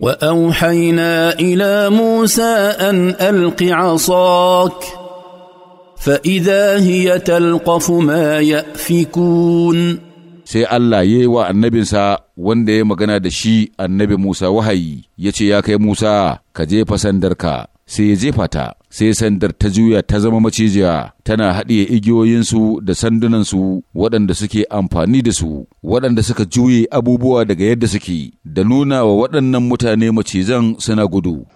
واوحينا الى موسى ان الق عصاك فاذا هي تلقف ما يافكون sai Allah ya yi wa annabinsa wanda ya magana da shi annabi Musa wahayi ya ce ya kai Musa ka jefa sandarka sai ya jefa ta sai sandar ta juya ta zama macijiya tana haɗiye igiyoyinsu da sandunansu waɗanda suke amfani da su waɗanda suka juye abubuwa daga yadda suke da nuna wa waɗannan mutane macizan suna gudu.